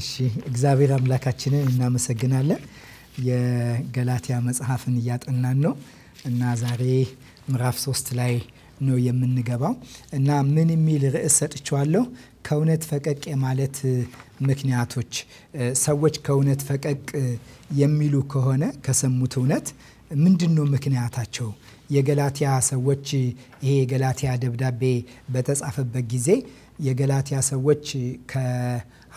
እሺ እግዚአብሔር አምላካችንን እናመሰግናለን። የገላትያ መጽሐፍን እያጠናን ነው እና ዛሬ ምዕራፍ ሶስት ላይ ነው የምንገባው እና ምን የሚል ርዕስ ሰጥቼዋለሁ? ከእውነት ፈቀቅ የማለት ምክንያቶች። ሰዎች ከእውነት ፈቀቅ የሚሉ ከሆነ ከሰሙት እውነት ምንድን ነው ምክንያታቸው? የገላትያ ሰዎች ይሄ የገላትያ ደብዳቤ በተጻፈበት ጊዜ የገላትያ ሰዎች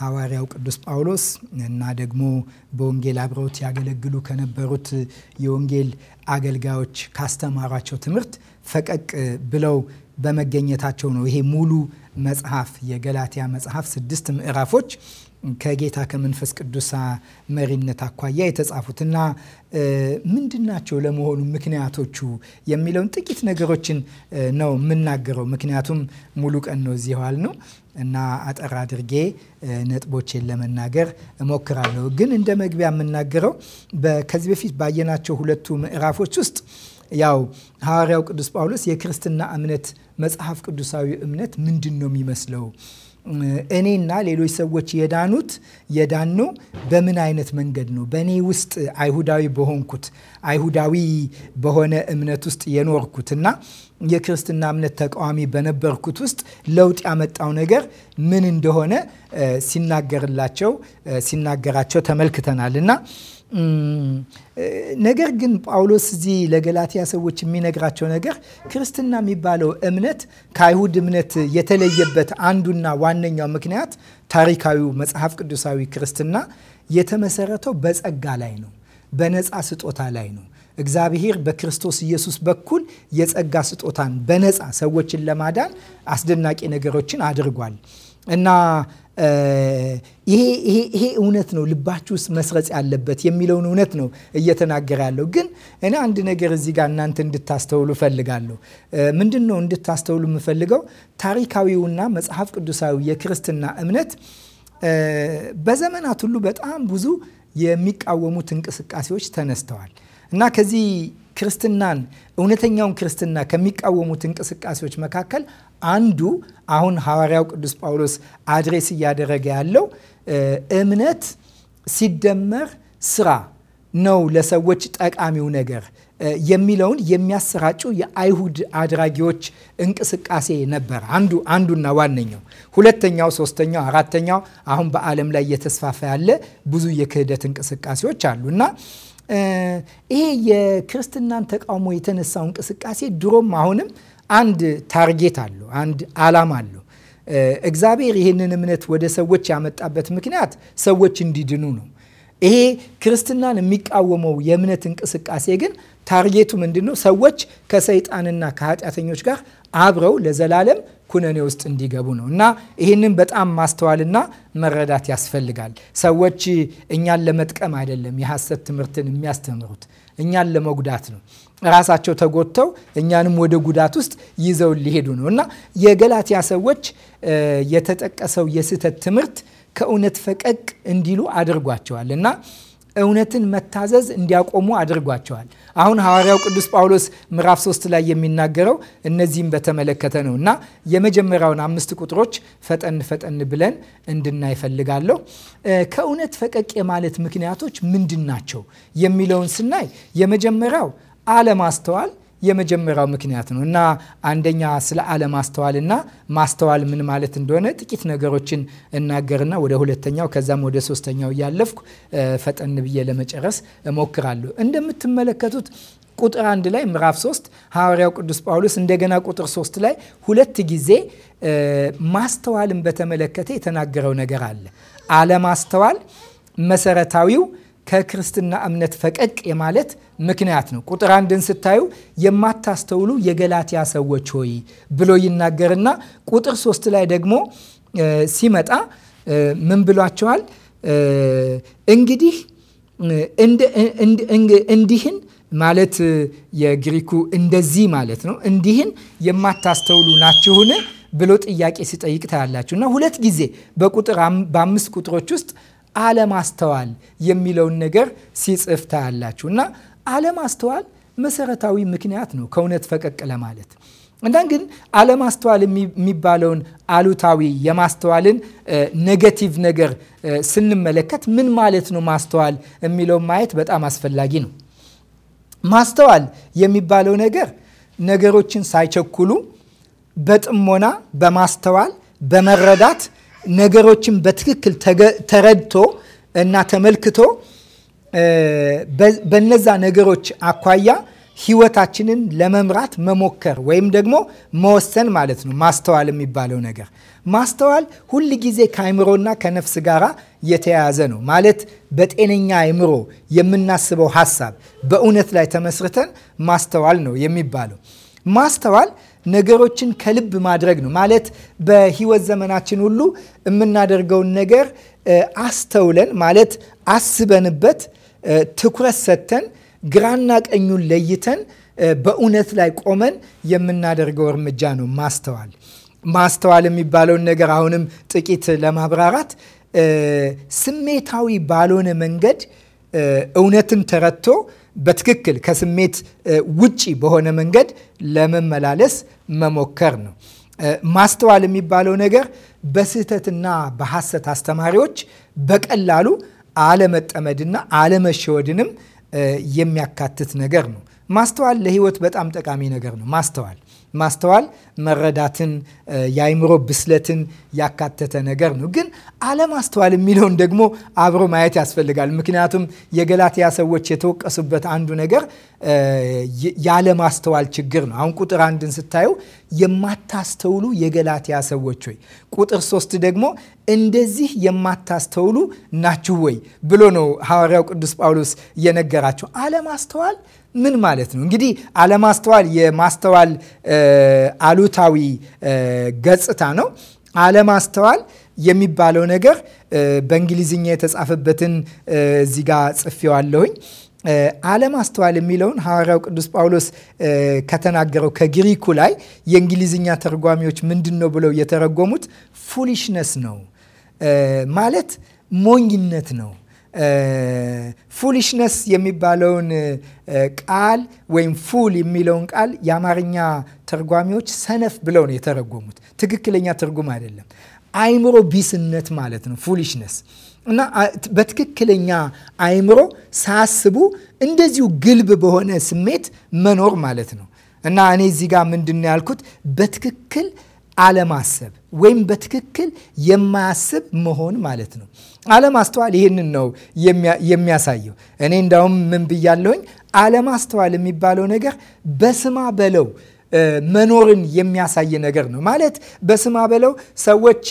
ሐዋርያው ቅዱስ ጳውሎስ እና ደግሞ በወንጌል አብረውት ያገለግሉ ከነበሩት የወንጌል አገልጋዮች ካስተማሯቸው ትምህርት ፈቀቅ ብለው በመገኘታቸው ነው። ይሄ ሙሉ መጽሐፍ የገላትያ መጽሐፍ ስድስት ምዕራፎች ከጌታ ከመንፈስ ቅዱስ መሪነት አኳያ የተጻፉት እና ምንድን ናቸው ለመሆኑ ምክንያቶቹ የሚለውን ጥቂት ነገሮችን ነው የምናገረው። ምክንያቱም ሙሉ ቀን ነው እዚህ ዋል ነው እና አጠር አድርጌ ነጥቦቼን ለመናገር እሞክራለሁ። ግን እንደ መግቢያ የምናገረው ከዚህ በፊት ባየናቸው ሁለቱ ምዕራፎች ውስጥ ያው ሐዋርያው ቅዱስ ጳውሎስ የክርስትና እምነት መጽሐፍ ቅዱሳዊ እምነት ምንድን ነው የሚመስለው እኔና ሌሎች ሰዎች የዳኑት የዳኑ በምን አይነት መንገድ ነው? በእኔ ውስጥ አይሁዳዊ በሆንኩት አይሁዳዊ በሆነ እምነት ውስጥ የኖርኩት እና የክርስትና እምነት ተቃዋሚ በነበርኩት ውስጥ ለውጥ ያመጣው ነገር ምን እንደሆነ ሲናገርላቸው ሲናገራቸው ተመልክተናል እና ነገር ግን ጳውሎስ እዚህ ለገላትያ ሰዎች የሚነግራቸው ነገር ክርስትና የሚባለው እምነት ከአይሁድ እምነት የተለየበት አንዱና ዋነኛው ምክንያት ታሪካዊው መጽሐፍ ቅዱሳዊ ክርስትና የተመሰረተው በጸጋ ላይ ነው፣ በነፃ ስጦታ ላይ ነው። እግዚአብሔር በክርስቶስ ኢየሱስ በኩል የጸጋ ስጦታን በነፃ ሰዎችን ለማዳን አስደናቂ ነገሮችን አድርጓል እና ይሄ እውነት ነው ልባችሁ ውስጥ መስረጽ ያለበት የሚለውን እውነት ነው እየተናገረ ያለው። ግን እኔ አንድ ነገር እዚህ ጋር እናንተ እንድታስተውሉ እፈልጋለሁ። ምንድን ነው እንድታስተውሉ የምፈልገው? ታሪካዊውና መጽሐፍ ቅዱሳዊ የክርስትና እምነት በዘመናት ሁሉ በጣም ብዙ የሚቃወሙት እንቅስቃሴዎች ተነስተዋል እና ከዚህ ክርስትናን እውነተኛውን ክርስትና ከሚቃወሙት እንቅስቃሴዎች መካከል አንዱ አሁን ሐዋርያው ቅዱስ ጳውሎስ አድሬስ እያደረገ ያለው እምነት ሲደመር ስራ ነው ለሰዎች ጠቃሚው ነገር የሚለውን የሚያሰራጩ የአይሁድ አድራጊዎች እንቅስቃሴ ነበር። አንዱ አንዱና ዋነኛው። ሁለተኛው፣ ሶስተኛው፣ አራተኛው አሁን በዓለም ላይ እየተስፋፋ ያለ ብዙ የክህደት እንቅስቃሴዎች አሉ እና ይሄ የክርስትናን ተቃውሞ የተነሳው እንቅስቃሴ ድሮም አሁንም አንድ ታርጌት አለው፣ አንድ አላማ አለው። እግዚአብሔር ይህንን እምነት ወደ ሰዎች ያመጣበት ምክንያት ሰዎች እንዲድኑ ነው። ይሄ ክርስትናን የሚቃወመው የእምነት እንቅስቃሴ ግን ታርጌቱ ምንድን ነው? ሰዎች ከሰይጣንና ከኃጢአተኞች ጋር አብረው ለዘላለም ኩነኔ ውስጥ እንዲገቡ ነው እና ይህንን በጣም ማስተዋልና መረዳት ያስፈልጋል። ሰዎች እኛን ለመጥቀም አይደለም የሐሰት ትምህርትን የሚያስተምሩት እኛን ለመጉዳት ነው። ራሳቸው ተጎድተው እኛንም ወደ ጉዳት ውስጥ ይዘው ሊሄዱ ነው እና የገላትያ ሰዎች የተጠቀሰው የስህተት ትምህርት ከእውነት ፈቀቅ እንዲሉ አድርጓቸዋል እና እውነትን መታዘዝ እንዲያቆሙ አድርጓቸዋል። አሁን ሐዋርያው ቅዱስ ጳውሎስ ምዕራፍ 3 ላይ የሚናገረው እነዚህም በተመለከተ ነው እና የመጀመሪያውን አምስት ቁጥሮች ፈጠን ፈጠን ብለን እንድናይ ከእውነት ፈቀቅ የማለት ምክንያቶች ምንድን ናቸው የሚለውን ስናይ የመጀመሪያው አለማስተዋል የመጀመሪያው ምክንያት ነው እና አንደኛ ስለ አለማስተዋልና ማስተዋል ምን ማለት እንደሆነ ጥቂት ነገሮችን እናገርና ወደ ሁለተኛው ከዛም ወደ ሶስተኛው እያለፍኩ ፈጠን ብዬ ለመጨረስ እሞክራለሁ። እንደምትመለከቱት ቁጥር አንድ ላይ ምዕራፍ ሶስት ሐዋርያው ቅዱስ ጳውሎስ እንደገና ቁጥር ሶስት ላይ ሁለት ጊዜ ማስተዋልን በተመለከተ የተናገረው ነገር አለ። አለማስተዋል መሰረታዊው ከክርስትና እምነት ፈቀቅ የማለት ምክንያት ነው። ቁጥር አንድን ስታዩ የማታስተውሉ የገላትያ ሰዎች ሆይ ብሎ ይናገርና ቁጥር ሶስት ላይ ደግሞ ሲመጣ ምን ብሏቸዋል? እንግዲህ እንዲህን ማለት የግሪኩ እንደዚህ ማለት ነው። እንዲህን የማታስተውሉ ናችሁን ብሎ ጥያቄ ሲጠይቅ ታያላችሁ እና ሁለት ጊዜ በቁጥር በአምስት ቁጥሮች ውስጥ አለማስተዋል የሚለውን ነገር ሲጽፍ ታያላችሁ። እና አለማስተዋል መሰረታዊ ምክንያት ነው ከእውነት ፈቀቅ ለማለት እንዳን ግን አለማስተዋል የሚባለውን አሉታዊ የማስተዋልን ኔጌቲቭ ነገር ስንመለከት ምን ማለት ነው ማስተዋል የሚለውን ማየት በጣም አስፈላጊ ነው። ማስተዋል የሚባለው ነገር ነገሮችን ሳይቸኩሉ በጥሞና በማስተዋል በመረዳት ነገሮችን በትክክል ተረድቶ እና ተመልክቶ በነዛ ነገሮች አኳያ ህይወታችንን ለመምራት መሞከር ወይም ደግሞ መወሰን ማለት ነው። ማስተዋል የሚባለው ነገር ማስተዋል ሁል ጊዜ ከአይምሮና ከነፍስ ጋር የተያያዘ ነው ማለት በጤነኛ አእምሮ የምናስበው ሀሳብ በእውነት ላይ ተመስርተን ማስተዋል ነው የሚባለው ማስተዋል ነገሮችን ከልብ ማድረግ ነው ማለት በህይወት ዘመናችን ሁሉ የምናደርገውን ነገር አስተውለን ማለት አስበንበት ትኩረት ሰጥተን ግራና ቀኙን ለይተን በእውነት ላይ ቆመን የምናደርገው እርምጃ ነው ማስተዋል። ማስተዋል የሚባለውን ነገር አሁንም ጥቂት ለማብራራት ስሜታዊ ባልሆነ መንገድ እውነትን ተረድቶ በትክክል ከስሜት ውጪ በሆነ መንገድ ለመመላለስ መሞከር ነው። ማስተዋል የሚባለው ነገር በስህተትና በሐሰት አስተማሪዎች በቀላሉ አለመጠመድና አለመሸወድንም የሚያካትት ነገር ነው። ማስተዋል ለህይወት በጣም ጠቃሚ ነገር ነው። ማስተዋል ማስተዋል መረዳትን፣ የአይምሮ ብስለትን ያካተተ ነገር ነው። ግን አለማስተዋል የሚለውን ደግሞ አብሮ ማየት ያስፈልጋል። ምክንያቱም የገላትያ ሰዎች የተወቀሱበት አንዱ ነገር የአለማስተዋል ችግር ነው። አሁን ቁጥር አንድን ስታዩ የማታስተውሉ የገላትያ ሰዎች ወይ፣ ቁጥር ሶስት ደግሞ እንደዚህ የማታስተውሉ ናችሁ ወይ ብሎ ነው ሐዋርያው ቅዱስ ጳውሎስ የነገራቸው አለማስተዋል ምን ማለት ነው? እንግዲህ አለማስተዋል የማስተዋል አሉታዊ ገጽታ ነው። አለማስተዋል የሚባለው ነገር በእንግሊዝኛ የተጻፈበትን እዚህ ጋር ጽፌዋለሁኝ። አለማስተዋል የሚለውን ሐዋርያው ቅዱስ ጳውሎስ ከተናገረው ከግሪኩ ላይ የእንግሊዝኛ ተርጓሚዎች ምንድን ነው ብለው የተረጎሙት ፉሊሽነስ ነው ማለት ሞኝነት ነው ፉሊሽነስ የሚባለውን ቃል ወይም ፉል የሚለውን ቃል የአማርኛ ተርጓሚዎች ሰነፍ ብለው ነው የተረጎሙት። ትክክለኛ ትርጉም አይደለም። አይምሮ ቢስነት ማለት ነው ፉሊሽነስ እና በትክክለኛ አይምሮ ሳያስቡ እንደዚሁ ግልብ በሆነ ስሜት መኖር ማለት ነው። እና እኔ እዚህ ጋር ምንድን ያልኩት በትክክል አለማሰብ ወይም በትክክል የማያስብ መሆን ማለት ነው። አለማስተዋል ይህንን ነው የሚያሳየው። እኔ እንዳውም ምን ብያለሁኝ? አለማስተዋል የሚባለው ነገር በስማ በለው መኖርን የሚያሳይ ነገር ነው። ማለት በስማ በለው ሰዎች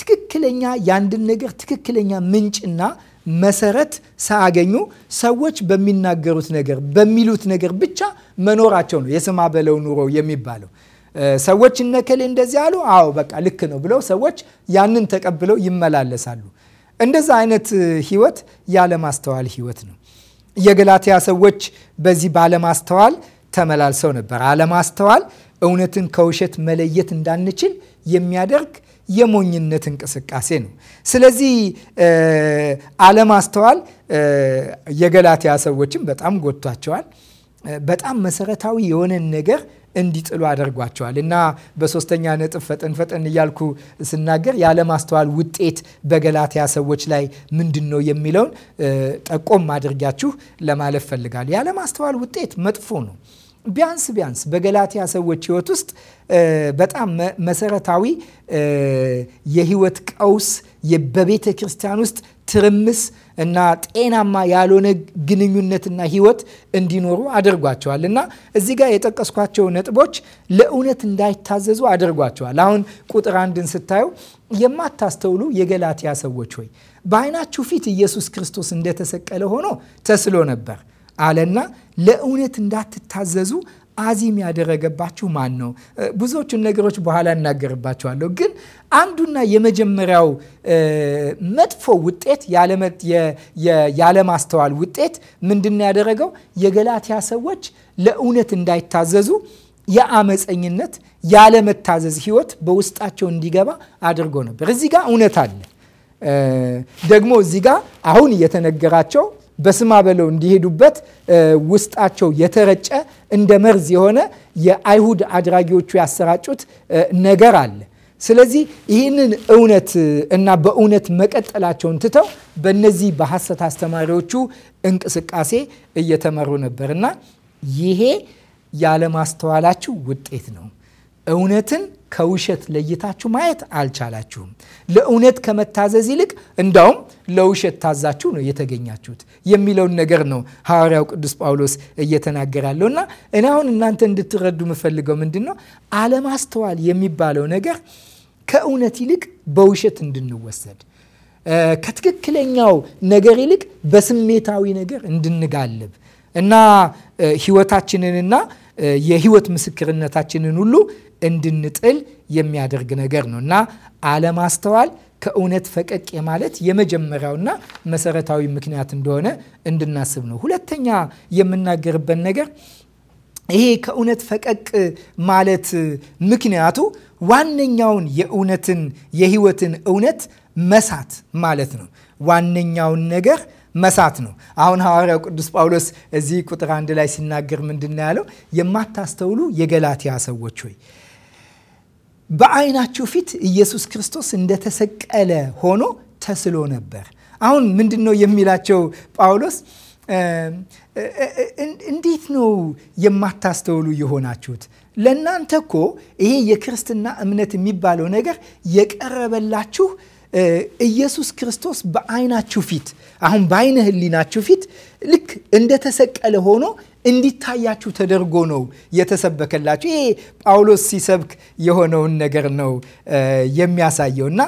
ትክክለኛ የአንድን ነገር ትክክለኛ ምንጭና መሰረት ሳያገኙ ሰዎች በሚናገሩት ነገር በሚሉት ነገር ብቻ መኖራቸው ነው የስማ በለው ኑሮ የሚባለው ሰዎች እነከሌ እንደዚህ አሉ፣ አዎ በቃ ልክ ነው ብለው ሰዎች ያንን ተቀብለው ይመላለሳሉ። እንደዛ አይነት ህይወት ያለማስተዋል ህይወት ነው። የገላትያ ሰዎች በዚህ ባለማስተዋል ተመላልሰው ነበር። አለማስተዋል እውነትን ከውሸት መለየት እንዳንችል የሚያደርግ የሞኝነት እንቅስቃሴ ነው። ስለዚህ አለማስተዋል የገላትያ ሰዎችን በጣም ጎድቷቸዋል። በጣም መሰረታዊ የሆነን ነገር እንዲጥሉ አድርጓቸዋል። እና በሶስተኛ ነጥብ ፈጠን ፈጠን እያልኩ ስናገር ያለማስተዋል ውጤት በገላትያ ሰዎች ላይ ምንድን ነው የሚለውን ጠቆም አድርጋችሁ ለማለፍ ፈልጋል። ያለማስተዋል ውጤት መጥፎ ነው። ቢያንስ ቢያንስ በገላትያ ሰዎች ሕይወት ውስጥ በጣም መሰረታዊ የሕይወት ቀውስ በቤተ ክርስቲያን ውስጥ ትርምስ እና ጤናማ ያልሆነ ግንኙነትና ህይወት እንዲኖሩ አድርጓቸዋል። እና እዚህ ጋር የጠቀስኳቸው ነጥቦች ለእውነት እንዳይታዘዙ አድርጓቸዋል። አሁን ቁጥር አንድን ስታዩ የማታስተውሉ የገላትያ ሰዎች ሆይ በዓይናችሁ ፊት ኢየሱስ ክርስቶስ እንደተሰቀለ ሆኖ ተስሎ ነበር አለና ለእውነት እንዳትታዘዙ አዚም ያደረገባችሁ ማን ነው? ብዙዎቹን ነገሮች በኋላ እናገርባቸዋለሁ። ግን አንዱና የመጀመሪያው መጥፎ ውጤት ያለማስተዋል ውጤት ምንድን ያደረገው? የገላትያ ሰዎች ለእውነት እንዳይታዘዙ የአመፀኝነት ያለመታዘዝ ህይወት በውስጣቸው እንዲገባ አድርጎ ነበር። እዚህ ጋር እውነት አለ ደግሞ እዚህ ጋር አሁን እየተነገራቸው በስማ በለው እንዲሄዱበት ውስጣቸው የተረጨ እንደ መርዝ የሆነ የአይሁድ አድራጊዎቹ ያሰራጩት ነገር አለ። ስለዚህ ይህንን እውነት እና በእውነት መቀጠላቸውን ትተው በእነዚህ በሐሰት አስተማሪዎቹ እንቅስቃሴ እየተመሩ ነበር እና ይሄ ያለማስተዋላችሁ ውጤት ነው። እውነትን ከውሸት ለይታችሁ ማየት አልቻላችሁም። ለእውነት ከመታዘዝ ይልቅ እንዳውም ለውሸት ታዛችሁ ነው የተገኛችሁት የሚለውን ነገር ነው ሐዋርያው ቅዱስ ጳውሎስ እየተናገራለሁ ያለው እና እኔ አሁን እናንተ እንድትረዱ የምፈልገው ምንድን ነው አለማስተዋል የሚባለው ነገር ከእውነት ይልቅ በውሸት እንድንወሰድ ከትክክለኛው ነገር ይልቅ በስሜታዊ ነገር እንድንጋልብ እና ህይወታችንንና የህይወት ምስክርነታችንን ሁሉ እንድንጥል የሚያደርግ ነገር ነው እና አለማስተዋል ከእውነት ፈቀቅ ማለት የመጀመሪያውና መሰረታዊ ምክንያት እንደሆነ እንድናስብ ነው። ሁለተኛ የምናገርበት ነገር ይሄ ከእውነት ፈቀቅ ማለት ምክንያቱ ዋነኛውን የእውነትን የህይወትን እውነት መሳት ማለት ነው። ዋነኛውን ነገር መሳት ነው። አሁን ሐዋርያው ቅዱስ ጳውሎስ እዚህ ቁጥር አንድ ላይ ሲናገር ምንድን ነው ያለው? የማታስተውሉ የገላትያ ሰዎች ሆይ በአይናችሁ ፊት ኢየሱስ ክርስቶስ እንደተሰቀለ ሆኖ ተስሎ ነበር። አሁን ምንድን ነው የሚላቸው ጳውሎስ? እንዴት ነው የማታስተውሉ የሆናችሁት? ለእናንተ እኮ ይሄ የክርስትና እምነት የሚባለው ነገር የቀረበላችሁ ኢየሱስ ክርስቶስ በአይናችሁ ፊት አሁን በአይነ ህሊናችሁ ፊት ልክ እንደተሰቀለ ሆኖ እንዲታያችሁ ተደርጎ ነው የተሰበከላችሁ። ይሄ ጳውሎስ ሲሰብክ የሆነውን ነገር ነው የሚያሳየው። እና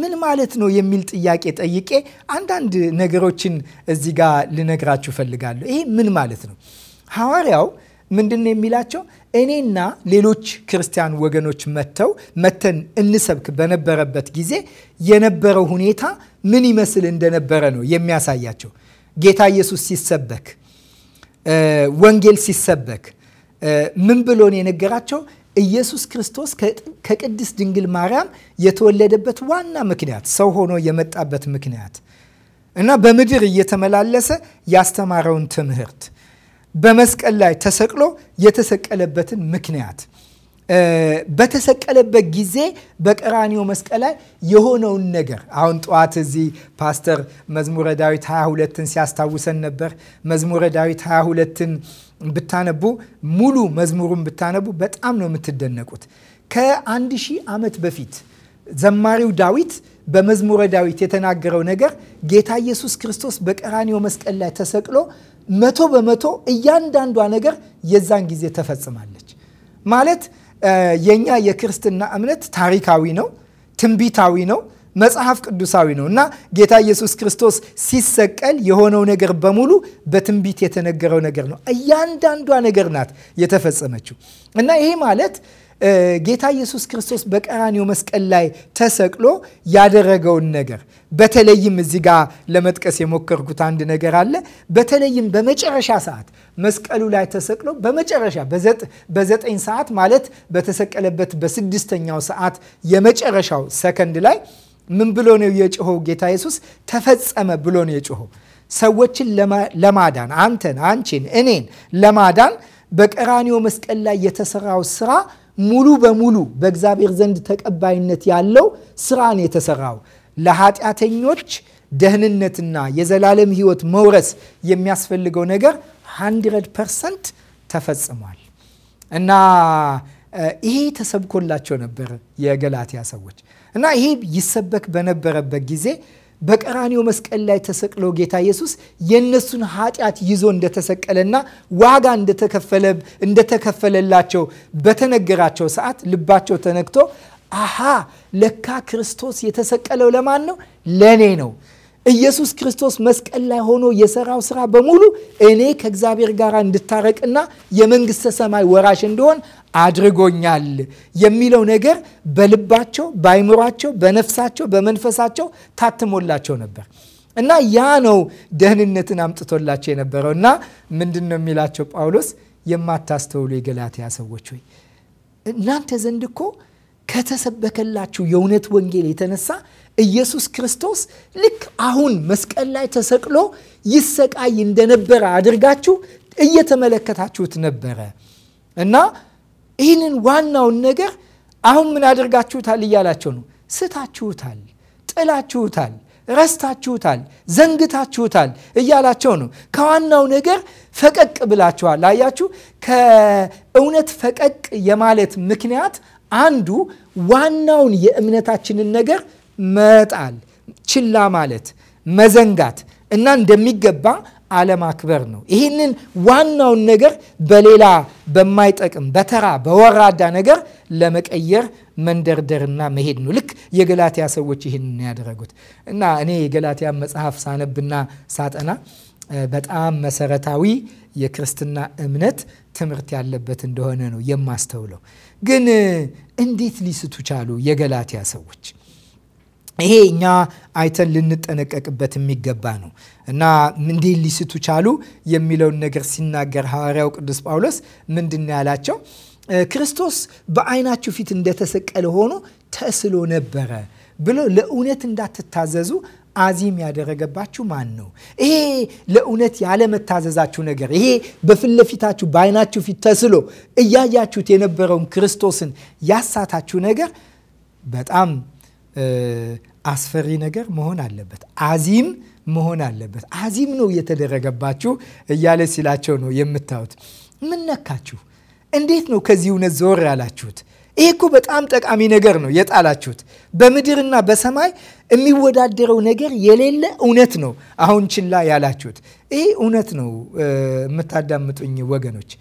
ምን ማለት ነው የሚል ጥያቄ ጠይቄ አንዳንድ ነገሮችን እዚህ ጋር ልነግራችሁ ፈልጋለሁ። ይሄ ምን ማለት ነው? ሐዋርያው ምንድን ነው የሚላቸው? እኔና ሌሎች ክርስቲያን ወገኖች መተው መተን እንሰብክ በነበረበት ጊዜ የነበረው ሁኔታ ምን ይመስል እንደነበረ ነው የሚያሳያቸው። ጌታ ኢየሱስ ሲሰበክ ወንጌል ሲሰበክ ምን ብሎን የነገራቸው ኢየሱስ ክርስቶስ ከቅድስት ድንግል ማርያም የተወለደበት ዋና ምክንያት ሰው ሆኖ የመጣበት ምክንያት እና በምድር እየተመላለሰ ያስተማረውን ትምህርት በመስቀል ላይ ተሰቅሎ የተሰቀለበትን ምክንያት በተሰቀለበት ጊዜ በቀራኒዮ መስቀል ላይ የሆነውን ነገር አሁን ጠዋት እዚህ ፓስተር መዝሙረ ዳዊት 22ን ሲያስታውሰን ነበር። መዝሙረ ዳዊት 22ን ብታነቡ ሙሉ መዝሙሩን ብታነቡ በጣም ነው የምትደነቁት። ከአንድ ሺህ ዓመት በፊት ዘማሪው ዳዊት በመዝሙረ ዳዊት የተናገረው ነገር ጌታ ኢየሱስ ክርስቶስ በቀራኒዮ መስቀል ላይ ተሰቅሎ መቶ በመቶ እያንዳንዷ ነገር የዛን ጊዜ ተፈጽማለች ማለት የኛ የክርስትና እምነት ታሪካዊ ነው፣ ትንቢታዊ ነው፣ መጽሐፍ ቅዱሳዊ ነው እና ጌታ ኢየሱስ ክርስቶስ ሲሰቀል የሆነው ነገር በሙሉ በትንቢት የተነገረው ነገር ነው። እያንዳንዷ ነገር ናት የተፈጸመችው እና ይሄ ማለት ጌታ ኢየሱስ ክርስቶስ በቀራኒው መስቀል ላይ ተሰቅሎ ያደረገውን ነገር በተለይም እዚህ ጋር ለመጥቀስ የሞከርኩት አንድ ነገር አለ። በተለይም በመጨረሻ ሰዓት መስቀሉ ላይ ተሰቅሎ በመጨረሻ በዘጠኝ ሰዓት ማለት በተሰቀለበት በስድስተኛው ሰዓት የመጨረሻው ሰከንድ ላይ ምን ብሎ ነው የጮኸው? ጌታ ኢየሱስ ተፈጸመ ብሎ ነው የጮኸው። ሰዎችን ለማዳን አንተን፣ አንቺን፣ እኔን ለማዳን በቀራኒዮ መስቀል ላይ የተሰራው ስራ ሙሉ በሙሉ በእግዚአብሔር ዘንድ ተቀባይነት ያለው ስራን የተሰራው ለኃጢአተኞች ደህንነትና የዘላለም ህይወት መውረስ የሚያስፈልገው ነገር 100 ፐርሰንት ተፈጽሟል እና ይሄ ተሰብኮላቸው ነበር የገላትያ ሰዎች እና ይሄ ይሰበክ በነበረበት ጊዜ በቀራኒው መስቀል ላይ ተሰቅሎ ጌታ ኢየሱስ የእነሱን ኃጢአት ይዞ እንደተሰቀለና ዋጋ እንደተከፈለ እንደተከፈለላቸው በተነገራቸው ሰዓት ልባቸው ተነክቶ አሃ ለካ ክርስቶስ የተሰቀለው ለማን ነው? ለእኔ ነው ኢየሱስ ክርስቶስ መስቀል ላይ ሆኖ የሰራው ስራ በሙሉ እኔ ከእግዚአብሔር ጋር እንድታረቅና የመንግስተ ሰማይ ወራሽ እንደሆን አድርጎኛል የሚለው ነገር በልባቸው፣ በአይምሯቸው፣ በነፍሳቸው፣ በመንፈሳቸው ታትሞላቸው ነበር እና ያ ነው ደህንነትን አምጥቶላቸው የነበረው። እና ምንድን ነው የሚላቸው ጳውሎስ የማታስተውሉ የገላትያ ሰዎች ሆይ እናንተ ዘንድ እኮ ከተሰበከላችሁ የእውነት ወንጌል የተነሳ ኢየሱስ ክርስቶስ ልክ አሁን መስቀል ላይ ተሰቅሎ ይሰቃይ እንደነበረ አድርጋችሁ እየተመለከታችሁት ነበረ እና ይህንን ዋናውን ነገር አሁን ምን አድርጋችሁታል እያላቸው ነው። ስታችሁታል፣ ጥላችሁታል፣ ረስታችሁታል፣ ዘንግታችሁታል እያላቸው ነው። ከዋናው ነገር ፈቀቅ ብላችኋል። አያችሁ፣ ከእውነት ፈቀቅ የማለት ምክንያት አንዱ ዋናውን የእምነታችንን ነገር መጣል፣ ችላ ማለት፣ መዘንጋት እና እንደሚገባ አለማክበር ነው። ይህንን ዋናውን ነገር በሌላ በማይጠቅም በተራ በወራዳ ነገር ለመቀየር መንደርደርና መሄድ ነው። ልክ የገላትያ ሰዎች ይህንን ያደረጉት እና እኔ የገላትያ መጽሐፍ ሳነብና ሳጠና በጣም መሰረታዊ የክርስትና እምነት ትምህርት ያለበት እንደሆነ ነው የማስተውለው። ግን እንዴት ሊስቱ ቻሉ የገላትያ ሰዎች? ይሄ እኛ አይተን ልንጠነቀቅበት የሚገባ ነው እና እንዲህ ሊስቱ ቻሉ የሚለውን ነገር ሲናገር ሐዋርያው ቅዱስ ጳውሎስ ምንድን ያላቸው ክርስቶስ በዓይናችሁ ፊት እንደተሰቀለ ሆኖ ተስሎ ነበረ ብሎ ለእውነት እንዳትታዘዙ አዚም ያደረገባችሁ ማን ነው? ይሄ ለእውነት ያለመታዘዛችሁ ነገር ይሄ በፊት ለፊታችሁ በዓይናችሁ ፊት ተስሎ እያያችሁት የነበረውን ክርስቶስን ያሳታችሁ ነገር በጣም አስፈሪ ነገር መሆን አለበት። አዚም መሆን አለበት። አዚም ነው እየተደረገባችሁ እያለ ሲላቸው ነው የምታዩት። ምን ነካችሁ? እንዴት ነው ከዚህ እውነት ዘወር ያላችሁት? ይህ እኮ በጣም ጠቃሚ ነገር ነው የጣላችሁት። በምድርና በሰማይ የሚወዳደረው ነገር የሌለ እውነት ነው አሁን ችላ ያላችሁት። ይህ እውነት ነው። የምታዳምጡኝ ወገኖች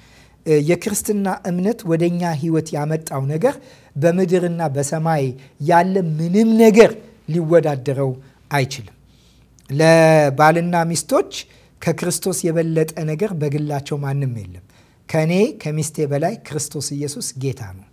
የክርስትና እምነት ወደኛ ህይወት ያመጣው ነገር በምድርና በሰማይ ያለ ምንም ነገር ሊወዳደረው አይችልም። ለባልና ሚስቶች ከክርስቶስ የበለጠ ነገር በግላቸው ማንም የለም። ከኔ ከሚስቴ በላይ ክርስቶስ ኢየሱስ ጌታ ነው።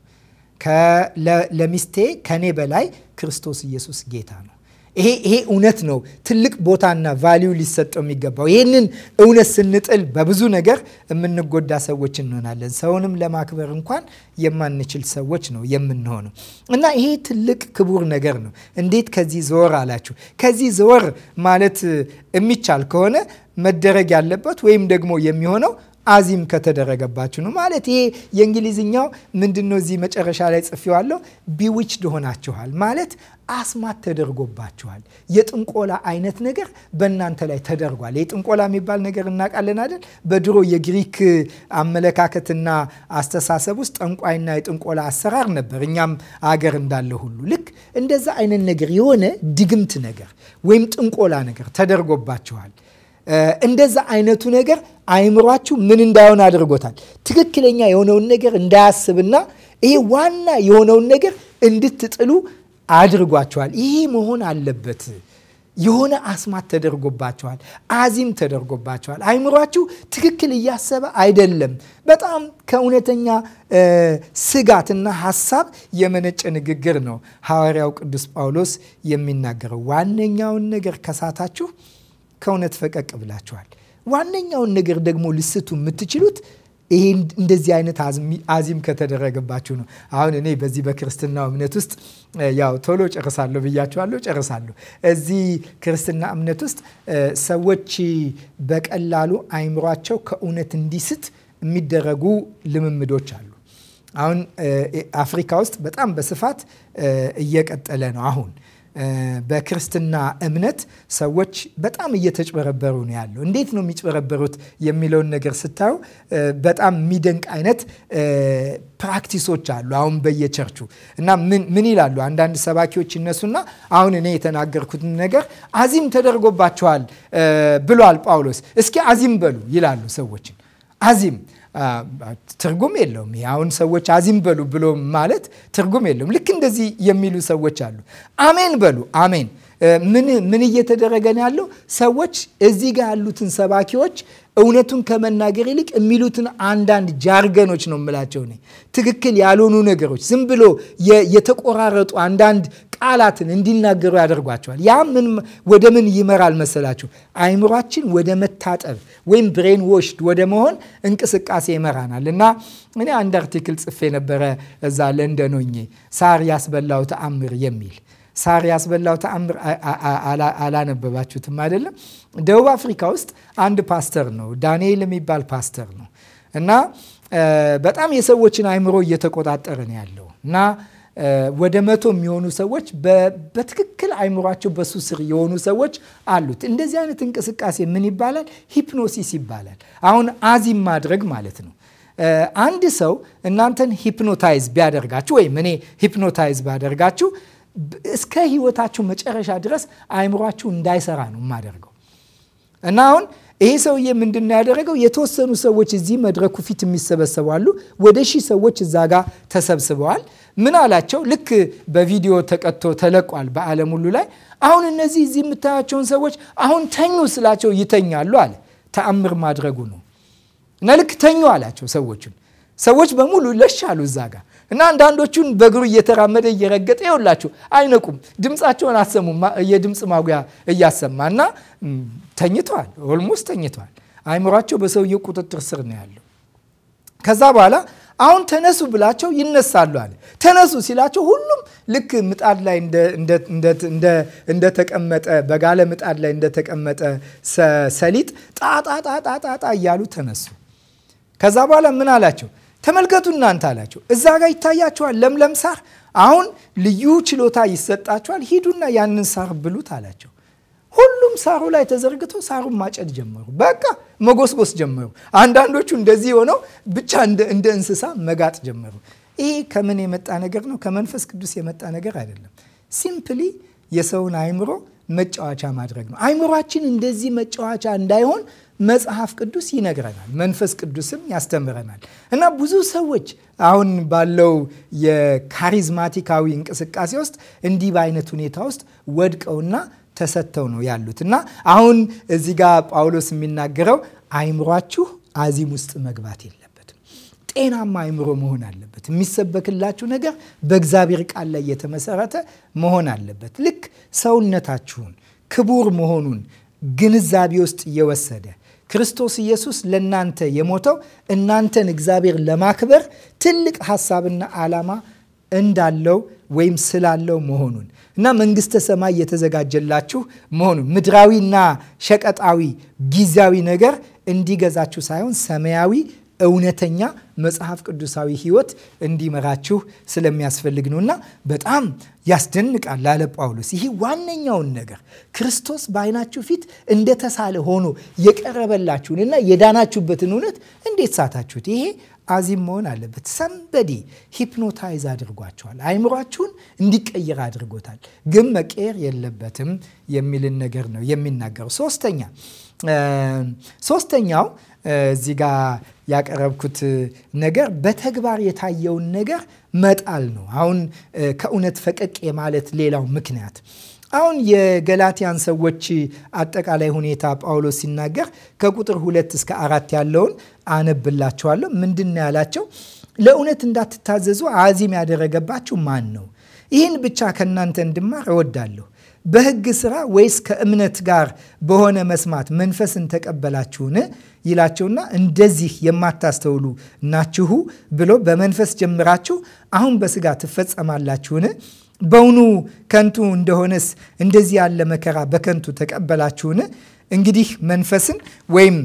ለሚስቴ ከኔ በላይ ክርስቶስ ኢየሱስ ጌታ ነው። ይሄ ይሄ እውነት ነው። ትልቅ ቦታና ቫሊዩ ሊሰጠው የሚገባው ይህንን እውነት ስንጥል በብዙ ነገር የምንጎዳ ሰዎች እንሆናለን። ሰውንም ለማክበር እንኳን የማንችል ሰዎች ነው የምንሆነው እና ይሄ ትልቅ ክቡር ነገር ነው። እንዴት ከዚህ ዘወር አላችሁ? ከዚህ ዘወር ማለት የሚቻል ከሆነ መደረግ ያለበት ወይም ደግሞ የሚሆነው አዚም ከተደረገባችሁ ነው ማለት ይሄ የእንግሊዝኛው ምንድን ነው? እዚህ መጨረሻ ላይ ጽፌዋለሁ። ቢዊችድ ሆናችኋል ማለት አስማት ተደርጎባችኋል። የጥንቆላ አይነት ነገር በእናንተ ላይ ተደርጓል። የጥንቆላ የሚባል ነገር እናውቃለን አይደል? በድሮ የግሪክ አመለካከትና አስተሳሰብ ውስጥ ጠንቋይና የጥንቆላ አሰራር ነበር፣ እኛም አገር እንዳለ ሁሉ ልክ እንደዛ አይነት ነገር የሆነ ድግምት ነገር ወይም ጥንቆላ ነገር ተደርጎባችኋል። እንደዛ አይነቱ ነገር አይምሯችሁ ምን እንዳይሆን አድርጎታል። ትክክለኛ የሆነውን ነገር እንዳያስብና ይሄ ዋና የሆነውን ነገር እንድትጥሉ አድርጓችኋል። ይሄ መሆን አለበት። የሆነ አስማት ተደርጎባቸዋል። አዚም ተደርጎባቸዋል። አይምሯችሁ ትክክል እያሰበ አይደለም። በጣም ከእውነተኛ ስጋትና ሀሳብ የመነጨ ንግግር ነው ሐዋርያው ቅዱስ ጳውሎስ የሚናገረው። ዋነኛውን ነገር ከሳታችሁ ከእውነት ፈቀቅ ብላችኋል። ዋነኛውን ነገር ደግሞ ልስቱ የምትችሉት ይሄ እንደዚህ አይነት አዚም ከተደረገባችሁ ነው። አሁን እኔ በዚህ በክርስትናው እምነት ውስጥ ያው ቶሎ ጨርሳለሁ ብያችኋለሁ፣ ጨርሳለሁ። እዚህ ክርስትና እምነት ውስጥ ሰዎች በቀላሉ አይምሯቸው ከእውነት እንዲስት የሚደረጉ ልምምዶች አሉ። አሁን አፍሪካ ውስጥ በጣም በስፋት እየቀጠለ ነው አሁን በክርስትና እምነት ሰዎች በጣም እየተጭበረበሩ ነው ያለው። እንዴት ነው የሚጭበረበሩት የሚለውን ነገር ስታዩ በጣም የሚደንቅ አይነት ፕራክቲሶች አሉ አሁን በየቸርቹ እና ምን ይላሉ አንዳንድ ሰባኪዎች ይነሱና አሁን እኔ የተናገርኩትን ነገር አዚም ተደርጎባቸዋል ብሏል ጳውሎስ፣ እስኪ አዚም በሉ ይላሉ ሰዎችን አዚም ትርጉም የለውም። አሁን ሰዎች አዚም በሉ ብሎ ማለት ትርጉም የለውም። ልክ እንደዚህ የሚሉ ሰዎች አሉ። አሜን በሉ አሜን። ምን እየተደረገ ነው ያለው? ሰዎች እዚህ ጋር ያሉትን ሰባኪዎች እውነቱን ከመናገር ይልቅ የሚሉትን አንዳንድ ጃርገኖች ነው የምላቸው ትክክል ያልሆኑ ነገሮች፣ ዝም ብሎ የተቆራረጡ አንዳንድ ቃላትን እንዲናገሩ ያደርጓቸዋል። ያ ምን ወደ ምን ይመራል መሰላችሁ? አይምሯችን ወደ መታጠብ ወይም ብሬን ዎሽድ ወደ መሆን እንቅስቃሴ ይመራናል። እና እኔ አንድ አርቲክል ጽፌ ነበረ እዛ ለንደን ሳር ያስበላው ተአምር የሚል ሳር ያስበላው ተአምር አላነበባችሁትም አይደለም? ደቡብ አፍሪካ ውስጥ አንድ ፓስተር ነው፣ ዳንኤል የሚባል ፓስተር ነው እና በጣም የሰዎችን አይምሮ እየተቆጣጠረ ነው ያለው እና ወደ መቶ የሚሆኑ ሰዎች በትክክል አይምሯቸው በሱ ስር የሆኑ ሰዎች አሉት። እንደዚህ አይነት እንቅስቃሴ ምን ይባላል? ሂፕኖሲስ ይባላል። አሁን አዚም ማድረግ ማለት ነው። አንድ ሰው እናንተን ሂፕኖታይዝ ቢያደርጋችሁ ወይም እኔ ሂፕኖታይዝ ባደርጋችሁ እስከ ህይወታችሁ መጨረሻ ድረስ አይምሯችሁ እንዳይሰራ ነው የማደርገው እና አሁን ይሄ ሰውዬ ምንድን ያደረገው? የተወሰኑ ሰዎች እዚህ መድረኩ ፊት የሚሰበሰቡ አሉ። ወደ ሺህ ሰዎች እዛ ጋር ተሰብስበዋል። ምን አላቸው? ልክ በቪዲዮ ተቀቶ ተለቋል በዓለም ሁሉ ላይ። አሁን እነዚህ እዚህ የምታያቸውን ሰዎች አሁን ተኙ ስላቸው ይተኛሉ አለ። ተአምር ማድረጉ ነው እና ልክ ተኙ አላቸው ሰዎቹን። ሰዎች በሙሉ ለሽ አሉ እዛ ጋር እና አንዳንዶቹን በእግሩ እየተራመደ እየረገጠ ይውላችሁ አይነቁም። ድምፃቸውን አሰሙም። የድምፅ ማጉያ እያሰማ እና ተኝተዋል። ኦልሞስት ተኝተዋል። አይምሯቸው በሰውየው ቁጥጥር ስር ነው ያለው። ከዛ በኋላ አሁን ተነሱ ብላቸው ይነሳሉ አለ። ተነሱ ሲላቸው ሁሉም ልክ ምጣድ ላይ እንደተቀመጠ በጋለ ምጣድ ላይ እንደተቀመጠ ሰሊጥ ጣጣጣጣጣጣ እያሉ ተነሱ። ከዛ በኋላ ምን አላቸው? ተመልከቱ እናንተ አላቸው። እዛ ጋር ይታያቸዋል ለምለም ሳር። አሁን ልዩ ችሎታ ይሰጣቸዋል። ሂዱና ያንን ሳር ብሉት አላቸው። ሁሉም ሳሩ ላይ ተዘርግቶ ሳሩን ማጨድ ጀመሩ። በቃ መጎስጎስ ጀመሩ። አንዳንዶቹ እንደዚህ ሆነው ብቻ እንደ እንስሳ መጋጥ ጀመሩ። ይህ ከምን የመጣ ነገር ነው? ከመንፈስ ቅዱስ የመጣ ነገር አይደለም። ሲምፕሊ የሰውን አይምሮ መጫወቻ ማድረግ ነው። አይምሯችን እንደዚህ መጫወቻ እንዳይሆን መጽሐፍ ቅዱስ ይነግረናል። መንፈስ ቅዱስም ያስተምረናል እና ብዙ ሰዎች አሁን ባለው የካሪዝማቲካዊ እንቅስቃሴ ውስጥ እንዲህ በአይነት ሁኔታ ውስጥ ወድቀውና ተሰጥተው ነው ያሉት እና አሁን እዚህ ጋር ጳውሎስ የሚናገረው አይምሯችሁ አዚም ውስጥ መግባት የለበትም። ጤናማ አይምሮ መሆን አለበት። የሚሰበክላችሁ ነገር በእግዚአብሔር ቃል ላይ የተመሰረተ መሆን አለበት። ልክ ሰውነታችሁን ክቡር መሆኑን ግንዛቤ ውስጥ እየወሰደ። ክርስቶስ ኢየሱስ ለእናንተ የሞተው እናንተን እግዚአብሔር ለማክበር ትልቅ ሀሳብና ዓላማ እንዳለው ወይም ስላለው መሆኑን እና መንግስተ ሰማይ የተዘጋጀላችሁ መሆኑን ምድራዊና ሸቀጣዊ ጊዜያዊ ነገር እንዲገዛችሁ ሳይሆን ሰማያዊ እውነተኛ መጽሐፍ ቅዱሳዊ ህይወት እንዲመራችሁ ስለሚያስፈልግ ነው እና በጣም ያስደንቃል ላለ ጳውሎስ። ይህ ዋነኛውን ነገር ክርስቶስ በዓይናችሁ ፊት እንደተሳለ ሆኖ የቀረበላችሁን እና የዳናችሁበትን እውነት እንዴት ሳታችሁት? ይሄ አዚም መሆን አለበት። ሰንበዲ ሂፕኖታይዝ አድርጓቸዋል። አይምሯችሁን እንዲቀየር አድርጎታል። ግን መቀየር የለበትም የሚልን ነገር ነው የሚናገረው። ሶስተኛ ሶስተኛው እዚህ ጋር ያቀረብኩት ነገር በተግባር የታየውን ነገር መጣል ነው። አሁን ከእውነት ፈቀቅ የማለት ሌላው ምክንያት አሁን የገላትያን ሰዎች አጠቃላይ ሁኔታ ጳውሎስ ሲናገር ከቁጥር ሁለት እስከ አራት ያለውን አነብላችኋለሁ። ምንድን ነው ያላቸው? ለእውነት እንዳትታዘዙ አዚም ያደረገባችሁ ማን ነው? ይህን ብቻ ከእናንተ እንድማር እወዳለሁ። በሕግ ስራ ወይስ ከእምነት ጋር በሆነ መስማት መንፈስን ተቀበላችሁን? ይላቸውና እንደዚህ የማታስተውሉ ናችሁ ብሎ በመንፈስ ጀምራችሁ አሁን በስጋ ትፈጸማላችሁን? በውኑ ከንቱ እንደሆነስ እንደዚህ ያለ መከራ በከንቱ ተቀበላችሁን? እንግዲህ መንፈስን ወይም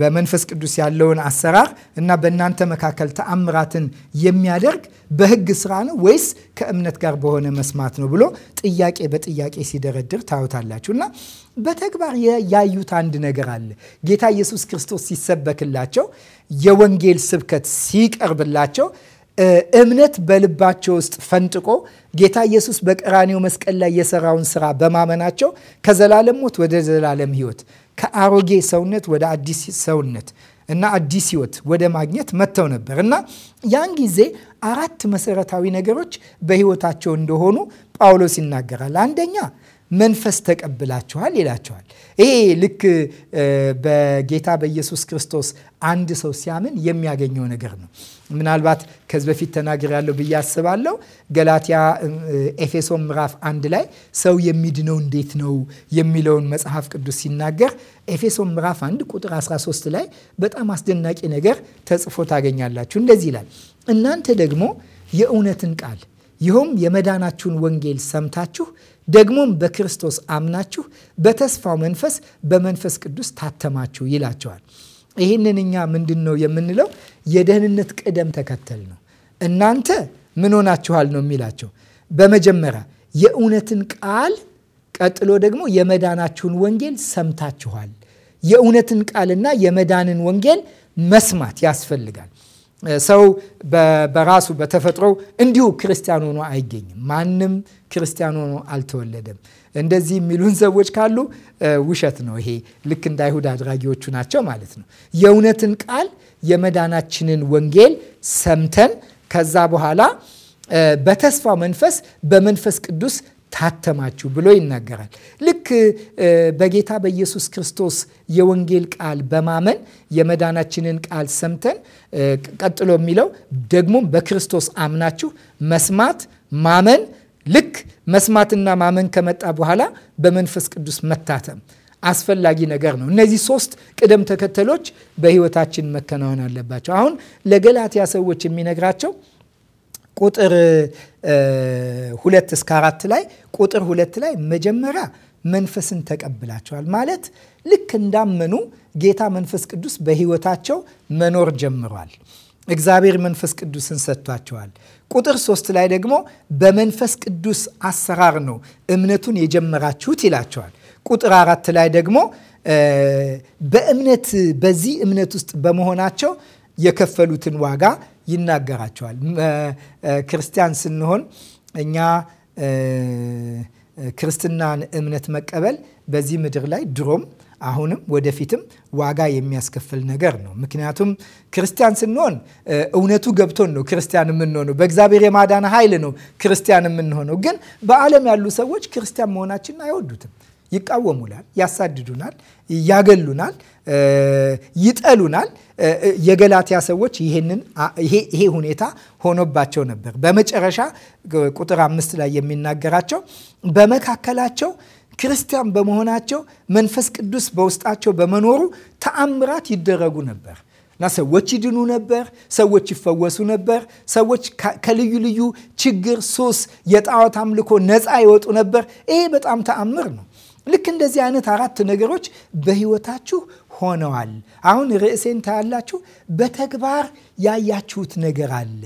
በመንፈስ ቅዱስ ያለውን አሰራር እና በእናንተ መካከል ተአምራትን የሚያደርግ በህግ ስራ ነው ወይስ ከእምነት ጋር በሆነ መስማት ነው ብሎ ጥያቄ በጥያቄ ሲደረድር ታዩታላችሁ እና በተግባር ያዩት አንድ ነገር አለ። ጌታ ኢየሱስ ክርስቶስ ሲሰበክላቸው የወንጌል ስብከት ሲቀርብላቸው እምነት በልባቸው ውስጥ ፈንጥቆ ጌታ ኢየሱስ በቀራኔው መስቀል ላይ የሰራውን ስራ በማመናቸው ከዘላለም ሞት ወደ ዘላለም ህይወት ከአሮጌ ሰውነት ወደ አዲስ ሰውነት እና አዲስ ህይወት ወደ ማግኘት መጥተው ነበር እና ያን ጊዜ አራት መሰረታዊ ነገሮች በህይወታቸው እንደሆኑ ጳውሎስ ይናገራል። አንደኛ መንፈስ ተቀብላችኋል ይላቸዋል። ይሄ ልክ በጌታ በኢየሱስ ክርስቶስ አንድ ሰው ሲያምን የሚያገኘው ነገር ነው። ምናልባት ከዚህ በፊት ያለው ብዬ አስባለሁ። ገላትያ ኤፌሶን ምዕራፍ አንድ ላይ ሰው የሚድነው እንዴት ነው የሚለውን መጽሐፍ ቅዱስ ሲናገር ኤፌሶን ምዕራፍ አንድ ቁጥር 13 ላይ በጣም አስደናቂ ነገር ተጽፎ ታገኛላችሁ። እንደዚህ ይላል እናንተ ደግሞ የእውነትን ቃል ይኸውም የመዳናችሁን ወንጌል ሰምታችሁ ደግሞም በክርስቶስ አምናችሁ በተስፋው መንፈስ በመንፈስ ቅዱስ ታተማችሁ ይላቸዋል። ይህንን እኛ ምንድን ነው የምንለው? የደህንነት ቅደም ተከተል ነው። እናንተ ምን ሆናችኋል ነው የሚላቸው። በመጀመሪያ የእውነትን ቃል፣ ቀጥሎ ደግሞ የመዳናችሁን ወንጌል ሰምታችኋል። የእውነትን ቃልና የመዳንን ወንጌል መስማት ያስፈልጋል። ሰው በራሱ በተፈጥሮ እንዲሁ ክርስቲያን ሆኖ አይገኝም። ማንም ክርስቲያን ሆኖ አልተወለደም። እንደዚህ የሚሉን ሰዎች ካሉ ውሸት ነው። ይሄ ልክ እንደ አይሁድ አድራጊዎቹ ናቸው ማለት ነው። የእውነትን ቃል የመዳናችንን ወንጌል ሰምተን ከዛ በኋላ በተስፋ መንፈስ በመንፈስ ቅዱስ ታተማችሁ ብሎ ይናገራል። ልክ በጌታ በኢየሱስ ክርስቶስ የወንጌል ቃል በማመን የመዳናችንን ቃል ሰምተን ቀጥሎ የሚለው ደግሞም በክርስቶስ አምናችሁ መስማት ማመን ልክ መስማትና ማመን ከመጣ በኋላ በመንፈስ ቅዱስ መታተም አስፈላጊ ነገር ነው። እነዚህ ሶስት ቅደም ተከተሎች በህይወታችን መከናወን አለባቸው። አሁን ለገላትያ ሰዎች የሚነግራቸው ቁጥር ሁለት እስከ አራት ላይ ቁጥር ሁለት ላይ መጀመሪያ መንፈስን ተቀብላቸዋል ማለት ልክ እንዳመኑ ጌታ መንፈስ ቅዱስ በህይወታቸው መኖር ጀምሯል። እግዚአብሔር መንፈስ ቅዱስን ሰጥቷቸዋል። ቁጥር ሶስት ላይ ደግሞ በመንፈስ ቅዱስ አሰራር ነው እምነቱን የጀመራችሁት ይላቸዋል። ቁጥር አራት ላይ ደግሞ በእምነት በዚህ እምነት ውስጥ በመሆናቸው የከፈሉትን ዋጋ ይናገራቸዋል። ክርስቲያን ስንሆን እኛ ክርስትናን እምነት መቀበል በዚህ ምድር ላይ ድሮም አሁንም ወደፊትም ዋጋ የሚያስከፍል ነገር ነው። ምክንያቱም ክርስቲያን ስንሆን እውነቱ ገብቶን ነው ክርስቲያን የምንሆነው። በእግዚአብሔር የማዳን ኃይል ነው ክርስቲያን የምንሆነው። ግን በዓለም ያሉ ሰዎች ክርስቲያን መሆናችንን አይወዱትም። ይቃወሙናል፣ ያሳድዱናል፣ ያገሉናል ይጠሉናል። የገላትያ ሰዎች ይሄንን ይሄ ሁኔታ ሆኖባቸው ነበር። በመጨረሻ ቁጥር አምስት ላይ የሚናገራቸው በመካከላቸው ክርስቲያን በመሆናቸው መንፈስ ቅዱስ በውስጣቸው በመኖሩ ተአምራት ይደረጉ ነበር እና ሰዎች ይድኑ ነበር። ሰዎች ይፈወሱ ነበር። ሰዎች ከልዩ ልዩ ችግር፣ ሱስ፣ የጣዖት አምልኮ ነፃ ይወጡ ነበር። ይሄ በጣም ተአምር ነው። ልክ እንደዚህ አይነት አራት ነገሮች በህይወታችሁ ሆነዋል። አሁን ርዕሴን ታያላችሁ። በተግባር ያያችሁት ነገር አለ።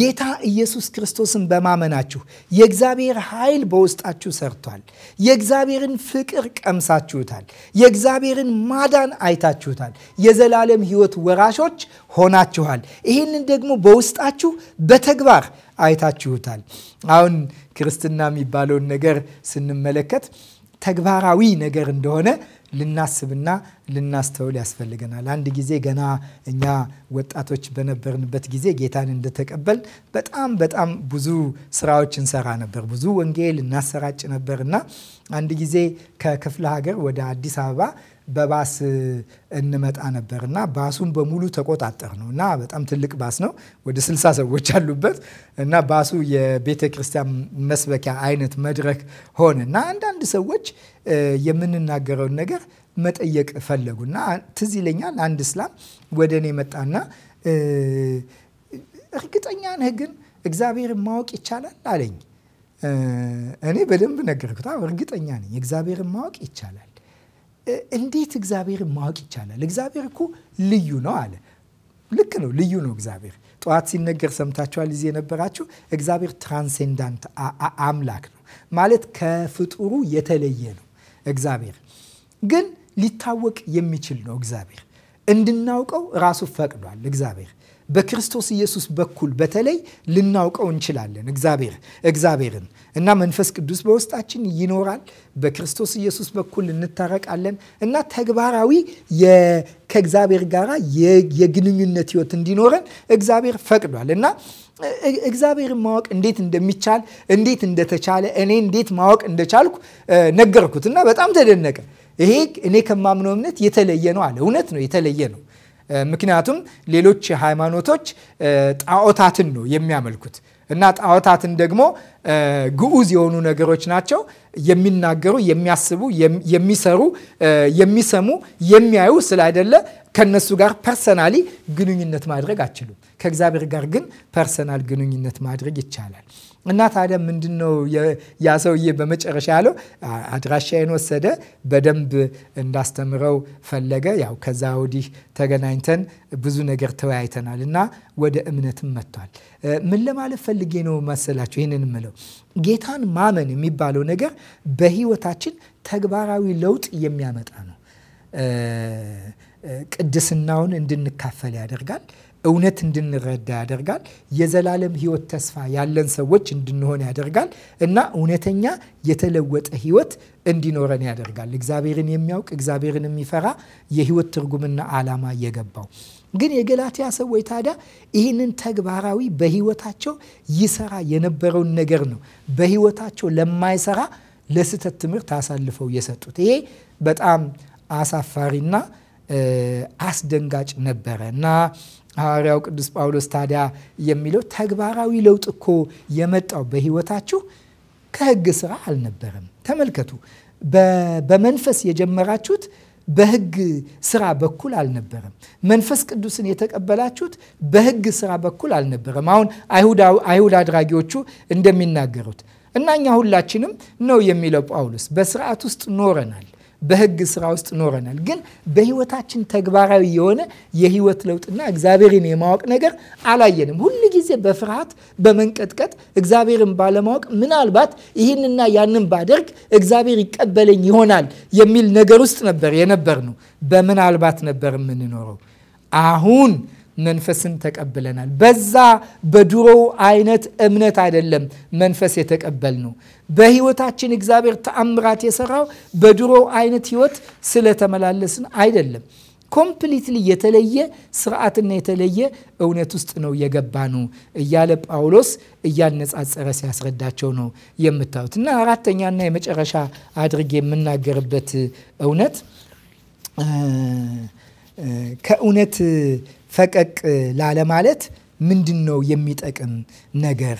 ጌታ ኢየሱስ ክርስቶስን በማመናችሁ የእግዚአብሔር ኃይል በውስጣችሁ ሰርቷል። የእግዚአብሔርን ፍቅር ቀምሳችሁታል። የእግዚአብሔርን ማዳን አይታችሁታል። የዘላለም ህይወት ወራሾች ሆናችኋል። ይህንን ደግሞ በውስጣችሁ በተግባር አይታችሁታል። አሁን ክርስትና የሚባለውን ነገር ስንመለከት ተግባራዊ ነገር እንደሆነ ልናስብና ልናስተውል ያስፈልገናል። አንድ ጊዜ ገና እኛ ወጣቶች በነበርንበት ጊዜ ጌታን እንደተቀበል በጣም በጣም ብዙ ስራዎች እንሰራ ነበር። ብዙ ወንጌል እናሰራጭ ነበር እና አንድ ጊዜ ከክፍለ ሀገር ወደ አዲስ አበባ በባስ እንመጣ ነበር እና ባሱን በሙሉ ተቆጣጠር ነው እና በጣም ትልቅ ባስ ነው። ወደ ስልሳ ሰዎች አሉበት እና ባሱ የቤተ ክርስቲያን መስበኪያ አይነት መድረክ ሆነ እና አንዳንድ ሰዎች የምንናገረውን ነገር መጠየቅ ፈለጉ እና ትዝ ይለኛል አንድ እስላም ወደ እኔ መጣና እርግጠኛ ነህ ግን እግዚአብሔርን ማወቅ ይቻላል አለኝ። እኔ በደንብ ነገርኩት። እርግጠኛ ነኝ እግዚአብሔርን ማወቅ ይቻላል እንዴት እግዚአብሔርን ማወቅ ይቻላል? እግዚአብሔር እኮ ልዩ ነው አለ። ልክ ነው፣ ልዩ ነው እግዚአብሔር። ጠዋት ሲነገር ሰምታችኋል፣ ጊዜ የነበራችሁ እግዚአብሔር ትራንሴንዳንት አምላክ ነው ማለት ከፍጡሩ የተለየ ነው። እግዚአብሔር ግን ሊታወቅ የሚችል ነው። እግዚአብሔር እንድናውቀው ራሱ ፈቅዷል። እግዚአብሔር በክርስቶስ ኢየሱስ በኩል በተለይ ልናውቀው እንችላለን እግዚአብሔር እግዚአብሔርን እና መንፈስ ቅዱስ በውስጣችን ይኖራል። በክርስቶስ ኢየሱስ በኩል እንታረቃለን እና ተግባራዊ ከእግዚአብሔር ጋር የግንኙነት ህይወት እንዲኖረን እግዚአብሔር ፈቅዷል እና እግዚአብሔርን ማወቅ እንዴት እንደሚቻል እንዴት እንደተቻለ እኔ እንዴት ማወቅ እንደቻልኩ ነገርኩት እና በጣም ተደነቀ። ይሄ እኔ ከማምነው እምነት የተለየ ነው አለ። እውነት ነው፣ የተለየ ነው ምክንያቱም ሌሎች ሃይማኖቶች ጣዖታትን ነው የሚያመልኩት እና ጣዖታትን ደግሞ ግዑዝ የሆኑ ነገሮች ናቸው። የሚናገሩ፣ የሚያስቡ፣ የሚሰሩ፣ የሚሰሙ፣ የሚያዩ ስላይደለ ከነሱ ጋር ፐርሰናሊ ግንኙነት ማድረግ አችሉም። ከእግዚአብሔር ጋር ግን ፐርሰናል ግንኙነት ማድረግ ይቻላል። እና ታዲያ ምንድን ነው ያ ሰውዬ በመጨረሻ ያለው? አድራሻዬን ወሰደ፣ በደንብ እንዳስተምረው ፈለገ። ያው ከዛ ወዲህ ተገናኝተን ብዙ ነገር ተወያይተናል እና ወደ እምነትም መጥቷል። ምን ለማለት ፈልጌ ነው መሰላችሁ? ይህንን ምለው ጌታን ማመን የሚባለው ነገር በህይወታችን ተግባራዊ ለውጥ የሚያመጣ ነው። ቅድስናውን እንድንካፈል ያደርጋል። እውነት እንድንረዳ ያደርጋል። የዘላለም ህይወት ተስፋ ያለን ሰዎች እንድንሆን ያደርጋል እና እውነተኛ የተለወጠ ህይወት እንዲኖረን ያደርጋል። እግዚአብሔርን የሚያውቅ እግዚአብሔርን የሚፈራ የህይወት ትርጉምና ዓላማ የገባው ግን የገላትያ ሰዎች ታዲያ ይህንን ተግባራዊ በህይወታቸው ይሰራ የነበረውን ነገር ነው በህይወታቸው ለማይሰራ ለስህተት ትምህርት አሳልፈው የሰጡት። ይሄ በጣም አሳፋሪና አስደንጋጭ ነበረ እና ሐዋርያው ቅዱስ ጳውሎስ ታዲያ የሚለው ተግባራዊ ለውጥ እኮ የመጣው በህይወታችሁ ከህግ ስራ አልነበረም። ተመልከቱ፣ በመንፈስ የጀመራችሁት በህግ ስራ በኩል አልነበረም። መንፈስ ቅዱስን የተቀበላችሁት በህግ ስራ በኩል አልነበረም። አሁን አይሁድ አድራጊዎቹ እንደሚናገሩት እና እኛ ሁላችንም ነው የሚለው ጳውሎስ በስርዓት ውስጥ ኖረናል፣ በህግ ስራ ውስጥ ኖረናል። ግን በህይወታችን ተግባራዊ የሆነ የህይወት ለውጥና እግዚአብሔርን የማወቅ ነገር አላየንም። ሁል ጊዜ በፍርሃት በመንቀጥቀጥ እግዚአብሔርን ባለማወቅ ምናልባት ይህንና ያንን ባደርግ እግዚአብሔር ይቀበለኝ ይሆናል የሚል ነገር ውስጥ ነበር የነበር ነው። በምናልባት ነበር የምንኖረው አሁን መንፈስን ተቀብለናል። በዛ በድሮው አይነት እምነት አይደለም መንፈስ የተቀበል ነው። በህይወታችን እግዚአብሔር ተአምራት የሰራው በድሮው አይነት ህይወት ስለተመላለስን አይደለም። ኮምፕሊትሊ የተለየ ስርዓትና የተለየ እውነት ውስጥ ነው የገባ ነው እያለ ጳውሎስ እያነጻጸረ ሲያስረዳቸው ነው የምታዩት። እና አራተኛና የመጨረሻ አድርጌ የምናገርበት እውነት ከእውነት ፈቀቅ ላለማለት ምንድን ነው የሚጠቅም ነገር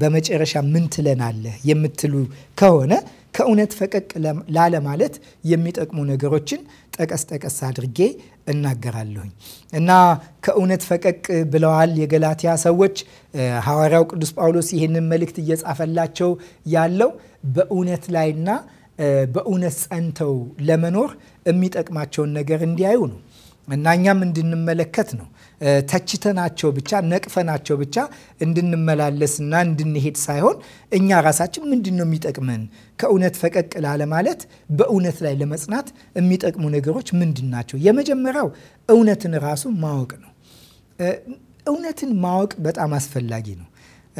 በመጨረሻ ምን ትለናለህ የምትሉ ከሆነ ከእውነት ፈቀቅ ላለማለት የሚጠቅሙ ነገሮችን ጠቀስ ጠቀስ አድርጌ እናገራለሁኝ እና ከእውነት ፈቀቅ ብለዋል የገላትያ ሰዎች። ሐዋርያው ቅዱስ ጳውሎስ ይህንን መልእክት እየጻፈላቸው ያለው በእውነት ላይና በእውነት ጸንተው ለመኖር የሚጠቅማቸውን ነገር እንዲያዩ ነው። እና እኛም እንድንመለከት ነው። ተችተናቸው ብቻ ነቅፈናቸው ብቻ እንድንመላለስና እንድንሄድ ሳይሆን እኛ ራሳችን ምንድን ነው የሚጠቅመን ከእውነት ፈቀቅ ላለ ማለት በእውነት ላይ ለመጽናት የሚጠቅሙ ነገሮች ምንድን ናቸው? የመጀመሪያው እውነትን ራሱ ማወቅ ነው። እውነትን ማወቅ በጣም አስፈላጊ ነው።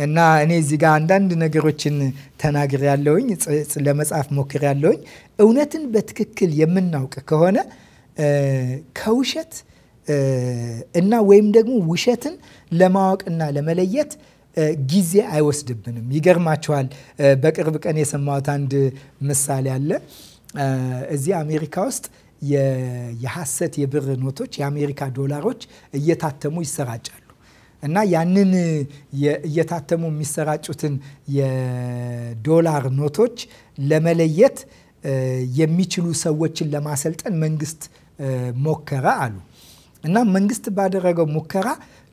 እና እኔ እዚህ ጋር አንዳንድ ነገሮችን ተናግር ያለውኝ ለመጻፍ ሞክር ያለውኝ እውነትን በትክክል የምናውቅ ከሆነ ከውሸት እና ወይም ደግሞ ውሸትን ለማወቅና ለመለየት ጊዜ አይወስድብንም። ይገርማችኋል። በቅርብ ቀን የሰማሁት አንድ ምሳሌ አለ። እዚህ አሜሪካ ውስጥ የሐሰት የብር ኖቶች የአሜሪካ ዶላሮች እየታተሙ ይሰራጫሉ እና ያንን እየታተሙ የሚሰራጩትን የዶላር ኖቶች ለመለየት የሚችሉ ሰዎችን ለማሰልጠን መንግስት ሞከረ አሉ እና መንግስት ባደረገው ሙከራ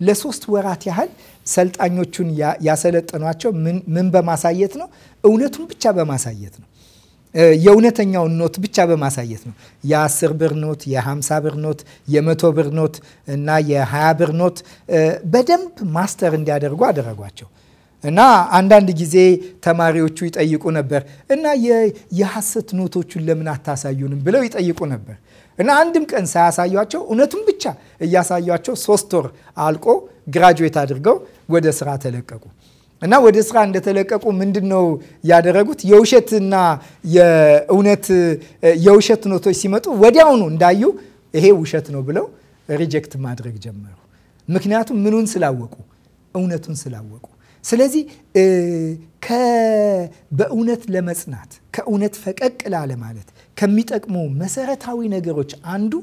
ለሶስት ወራት ያህል ሰልጣኞቹን ያሰለጠኗቸው ምን በማሳየት ነው? እውነቱን ብቻ በማሳየት ነው። የእውነተኛውን ኖት ብቻ በማሳየት ነው። የአስር ብር ኖት፣ የሃምሳ ብር ኖት፣ የመቶ ብር ኖት እና የሃያ ብር ኖት በደንብ ማስተር እንዲያደርጉ አደረጓቸው። እና አንዳንድ ጊዜ ተማሪዎቹ ይጠይቁ ነበር እና የሐሰት ኖቶቹን ለምን አታሳዩንም ብለው ይጠይቁ ነበር እና አንድም ቀን ሳያሳዩቸው እውነቱን ብቻ እያሳዩቸው ሶስት ወር አልቆ ግራጁዌት አድርገው ወደ ስራ ተለቀቁ። እና ወደ ስራ እንደተለቀቁ ምንድን ነው ያደረጉት? የውሸትና የእውነት የውሸት ኖቶች ሲመጡ ወዲያውኑ እንዳዩ ይሄ ውሸት ነው ብለው ሪጀክት ማድረግ ጀመሩ። ምክንያቱም ምኑን ስላወቁ፣ እውነቱን ስላወቁ። ስለዚህ በእውነት ለመጽናት ከእውነት ፈቀቅ ላለ ማለት ከሚጠቅሙ መሰረታዊ ነገሮች አንዱ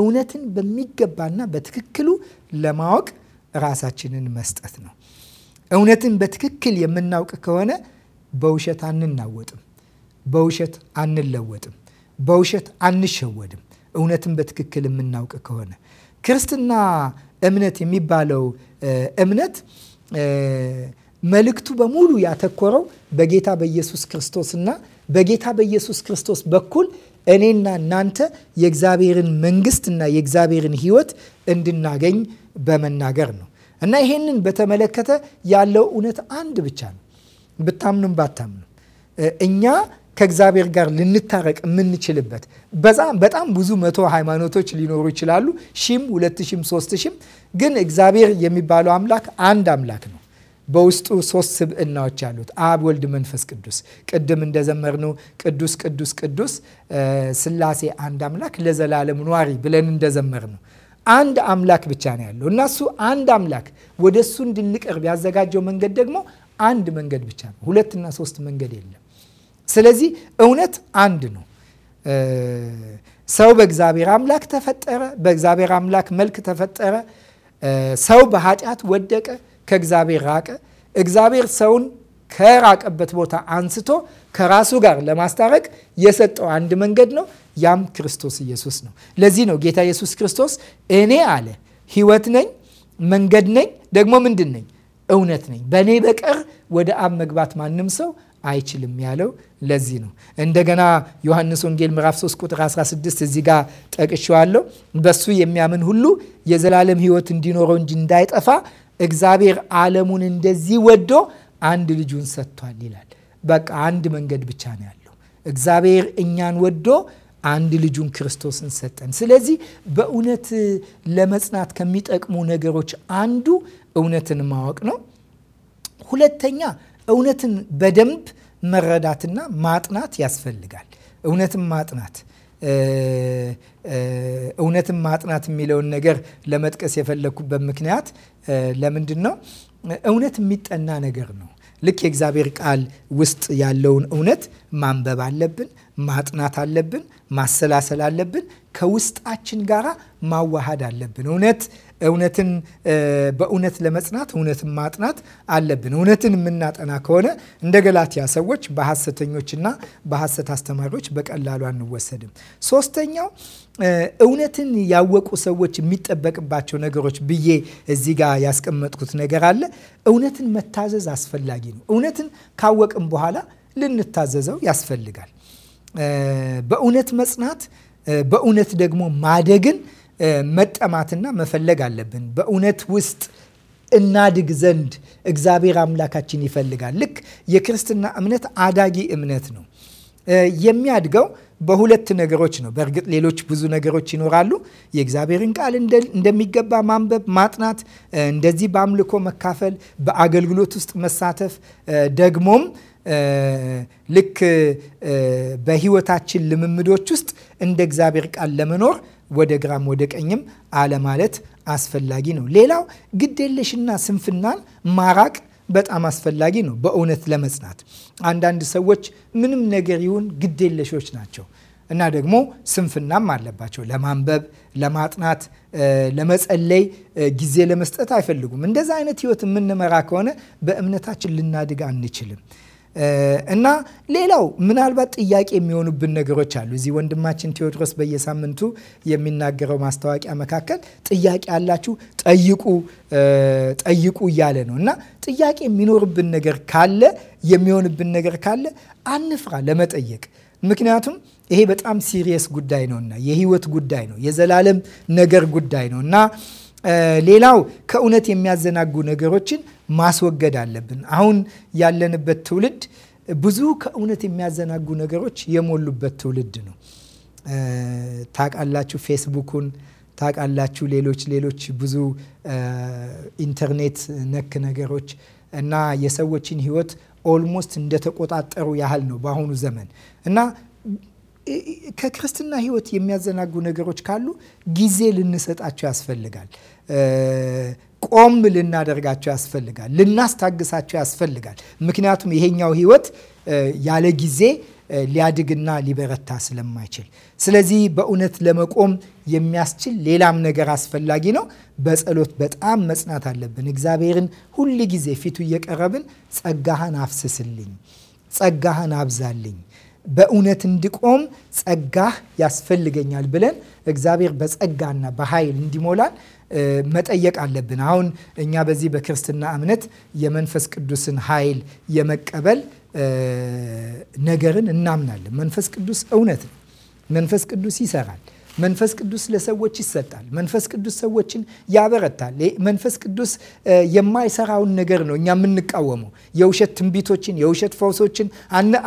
እውነትን በሚገባና በትክክሉ ለማወቅ ራሳችንን መስጠት ነው። እውነትን በትክክል የምናውቅ ከሆነ በውሸት አንናወጥም፣ በውሸት አንለወጥም፣ በውሸት አንሸወድም። እውነትን በትክክል የምናውቅ ከሆነ ክርስትና እምነት የሚባለው እምነት መልእክቱ በሙሉ ያተኮረው በጌታ በኢየሱስ ክርስቶስና በጌታ በኢየሱስ ክርስቶስ በኩል እኔና እናንተ የእግዚአብሔርን መንግስትና የእግዚአብሔርን ህይወት እንድናገኝ በመናገር ነው እና ይሄንን በተመለከተ ያለው እውነት አንድ ብቻ ነው። ብታምኑም ባታምኑ እኛ ከእግዚአብሔር ጋር ልንታረቅ የምንችልበት በጣም ብዙ መቶ ሃይማኖቶች ሊኖሩ ይችላሉ። ሺም፣ ሁለት ሺም፣ ሶስት ሺም። ግን እግዚአብሔር የሚባለው አምላክ አንድ አምላክ ነው። በውስጡ ሶስት ስብዕናዎች አሉት። አብ፣ ወልድ፣ መንፈስ ቅዱስ። ቅድም እንደዘመርነው ቅዱስ ቅዱስ ቅዱስ ስላሴ አንድ አምላክ ለዘላለም ኗሪ ብለን እንደዘመርነው አንድ አምላክ ብቻ ነው ያለው እና እሱ አንድ አምላክ ወደ እሱ እንድንቀርብ ያዘጋጀው መንገድ ደግሞ አንድ መንገድ ብቻ ነው። ሁለትና ሶስት መንገድ የለም። ስለዚህ እውነት አንድ ነው። ሰው በእግዚአብሔር አምላክ ተፈጠረ። በእግዚአብሔር አምላክ መልክ ተፈጠረ። ሰው በኃጢአት ወደቀ። ከእግዚአብሔር ራቀ። እግዚአብሔር ሰውን ከራቀበት ቦታ አንስቶ ከራሱ ጋር ለማስታረቅ የሰጠው አንድ መንገድ ነው። ያም ክርስቶስ ኢየሱስ ነው። ለዚህ ነው ጌታ ኢየሱስ ክርስቶስ እኔ አለ ሕይወት ነኝ፣ መንገድ ነኝ፣ ደግሞ ምንድን ነኝ? እውነት ነኝ። በእኔ በቀር ወደ አብ መግባት ማንም ሰው አይችልም ያለው ለዚህ ነው። እንደገና ዮሐንስ ወንጌል ምዕራፍ 3 ቁጥር 16 እዚህ ጋር ጠቅሼዋለሁ። በሱ የሚያምን ሁሉ የዘላለም ሕይወት እንዲኖረው እንጂ እንዳይጠፋ እግዚአብሔር ዓለሙን እንደዚህ ወዶ አንድ ልጁን ሰጥቷል ይላል። በቃ አንድ መንገድ ብቻ ነው ያለው። እግዚአብሔር እኛን ወዶ አንድ ልጁን ክርስቶስን ሰጠን። ስለዚህ በእውነት ለመጽናት ከሚጠቅሙ ነገሮች አንዱ እውነትን ማወቅ ነው። ሁለተኛ እውነትን በደንብ መረዳትና ማጥናት ያስፈልጋል። እውነትን ማጥናት እውነትን ማጥናት የሚለውን ነገር ለመጥቀስ የፈለግኩበት ምክንያት ለምንድን ነው? እውነት የሚጠና ነገር ነው። ልክ የእግዚአብሔር ቃል ውስጥ ያለውን እውነት ማንበብ አለብን፣ ማጥናት አለብን፣ ማሰላሰል አለብን፣ ከውስጣችን ጋራ ማዋሃድ አለብን። እውነት እውነትን በእውነት ለመጽናት እውነትን ማጥናት አለብን። እውነትን የምናጠና ከሆነ እንደ ገላትያ ሰዎች በሐሰተኞችና በሐሰት አስተማሪዎች በቀላሉ አንወሰድም። ሶስተኛው እውነትን ያወቁ ሰዎች የሚጠበቅባቸው ነገሮች ብዬ እዚህ ጋር ያስቀመጥኩት ነገር አለ። እውነትን መታዘዝ አስፈላጊ ነው። እውነትን ካወቅም በኋላ ልንታዘዘው ያስፈልጋል። በእውነት መጽናት በእውነት ደግሞ ማደግን መጠማትና መፈለግ አለብን። በእውነት ውስጥ እናድግ ዘንድ እግዚአብሔር አምላካችን ይፈልጋል። ልክ የክርስትና እምነት አዳጊ እምነት ነው። የሚያድገው በሁለት ነገሮች ነው። በእርግጥ ሌሎች ብዙ ነገሮች ይኖራሉ። የእግዚአብሔርን ቃል እንደሚገባ ማንበብ፣ ማጥናት፣ እንደዚህ በአምልኮ መካፈል፣ በአገልግሎት ውስጥ መሳተፍ ደግሞም ልክ በሕይወታችን ልምምዶች ውስጥ እንደ እግዚአብሔር ቃል ለመኖር ወደ ግራም ወደ ቀኝም አለማለት አስፈላጊ ነው። ሌላው ግዴለሽና ስንፍናን ማራቅ በጣም አስፈላጊ ነው። በእውነት ለመጽናት አንዳንድ ሰዎች ምንም ነገር ይሁን ግዴለሾች ናቸው እና ደግሞ ስንፍናም አለባቸው። ለማንበብ፣ ለማጥናት፣ ለመጸለይ ጊዜ ለመስጠት አይፈልጉም። እንደዛ አይነት ህይወት የምንመራ ከሆነ በእምነታችን ልናድግ አንችልም። እና ሌላው ምናልባት ጥያቄ የሚሆኑብን ነገሮች አሉ። እዚህ ወንድማችን ቴዎድሮስ በየሳምንቱ የሚናገረው ማስታወቂያ መካከል ጥያቄ አላችሁ ጠይቁ ጠይቁ እያለ ነው እና ጥያቄ የሚኖርብን ነገር ካለ የሚሆንብን ነገር ካለ አንፍራ ለመጠየቅ ምክንያቱም ይሄ በጣም ሲሪየስ ጉዳይ ነውና የህይወት ጉዳይ ነው የዘላለም ነገር ጉዳይ ነው እና ሌላው ከእውነት የሚያዘናጉ ነገሮችን ማስወገድ አለብን። አሁን ያለንበት ትውልድ ብዙ ከእውነት የሚያዘናጉ ነገሮች የሞሉበት ትውልድ ነው። ታውቃላችሁ፣ ፌስቡኩን ታውቃላችሁ፣ ሌሎች ሌሎች ብዙ ኢንተርኔት ነክ ነገሮች እና የሰዎችን ሕይወት ኦልሞስት እንደተቆጣጠሩ ያህል ነው በአሁኑ ዘመን እና ከክርስትና ህይወት የሚያዘናጉ ነገሮች ካሉ ጊዜ ልንሰጣቸው ያስፈልጋል። ቆም ልናደርጋቸው ያስፈልጋል። ልናስታግሳቸው ያስፈልጋል። ምክንያቱም ይሄኛው ህይወት ያለ ጊዜ ሊያድግና ሊበረታ ስለማይችል፣ ስለዚህ በእውነት ለመቆም የሚያስችል ሌላም ነገር አስፈላጊ ነው። በጸሎት በጣም መጽናት አለብን። እግዚአብሔርን ሁል ጊዜ ፊቱ እየቀረብን ጸጋህን አፍስስልኝ፣ ጸጋህን አብዛልኝ በእውነት እንድቆም ጸጋህ ያስፈልገኛል ብለን እግዚአብሔር በጸጋና በኃይል እንዲሞላን መጠየቅ አለብን። አሁን እኛ በዚህ በክርስትና እምነት የመንፈስ ቅዱስን ኃይል የመቀበል ነገርን እናምናለን። መንፈስ ቅዱስ እውነት ነው። መንፈስ ቅዱስ ይሰራል። መንፈስ ቅዱስ ለሰዎች ይሰጣል። መንፈስ ቅዱስ ሰዎችን ያበረታል። መንፈስ ቅዱስ የማይሰራውን ነገር ነው እኛ የምንቃወመው። የውሸት ትንቢቶችን፣ የውሸት ፈውሶችን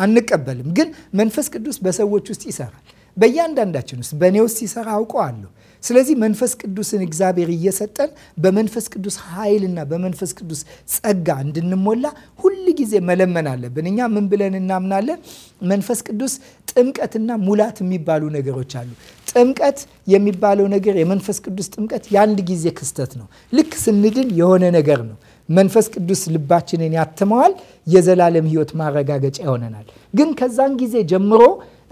አንቀበልም። ግን መንፈስ ቅዱስ በሰዎች ውስጥ ይሰራል። በእያንዳንዳችን ውስጥ በእኔ ውስጥ ሲሰራ አውቀዋለሁ። ስለዚህ መንፈስ ቅዱስን እግዚአብሔር እየሰጠን በመንፈስ ቅዱስ ኃይልና በመንፈስ ቅዱስ ጸጋ እንድንሞላ ሁል ጊዜ መለመን አለብን። እኛ ምን ብለን እናምናለን? መንፈስ ቅዱስ ጥምቀትና ሙላት የሚባሉ ነገሮች አሉ። ጥምቀት የሚባለው ነገር የመንፈስ ቅዱስ ጥምቀት የአንድ ጊዜ ክስተት ነው። ልክ ስንድን የሆነ ነገር ነው። መንፈስ ቅዱስ ልባችንን ያትመዋል። የዘላለም ሕይወት ማረጋገጫ ይሆነናል። ግን ከዛን ጊዜ ጀምሮ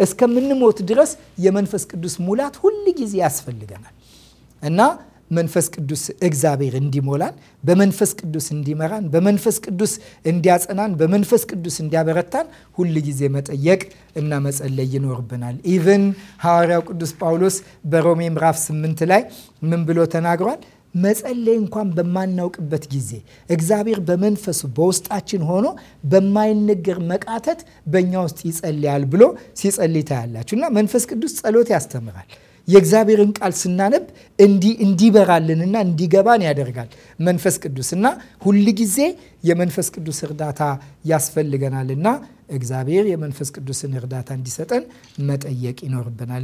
እስከምንሞት ድረስ የመንፈስ ቅዱስ ሙላት ሁል ጊዜ ያስፈልገናል እና መንፈስ ቅዱስ እግዚአብሔር እንዲሞላን፣ በመንፈስ ቅዱስ እንዲመራን፣ በመንፈስ ቅዱስ እንዲያጸናን፣ በመንፈስ ቅዱስ እንዲያበረታን ሁል ጊዜ መጠየቅ እና መጸለይ ይኖርብናል። ኢቨን ሐዋርያው ቅዱስ ጳውሎስ በሮሜ ምዕራፍ 8 ላይ ምን ብሎ ተናግሯል? መጸለይ እንኳን በማናውቅበት ጊዜ እግዚአብሔር በመንፈሱ በውስጣችን ሆኖ በማይነገር መቃተት በእኛ ውስጥ ይጸልያል ብሎ ሲጸልይ ታያላችሁ እና መንፈስ ቅዱስ ጸሎት ያስተምራል። የእግዚአብሔርን ቃል ስናነብ እንዲበራልንና እንዲገባን ያደርጋል መንፈስ ቅዱስ እና ሁል ጊዜ የመንፈስ ቅዱስ እርዳታ ያስፈልገናል እና እግዚአብሔር የመንፈስ ቅዱስን እርዳታ እንዲሰጠን መጠየቅ ይኖርብናል።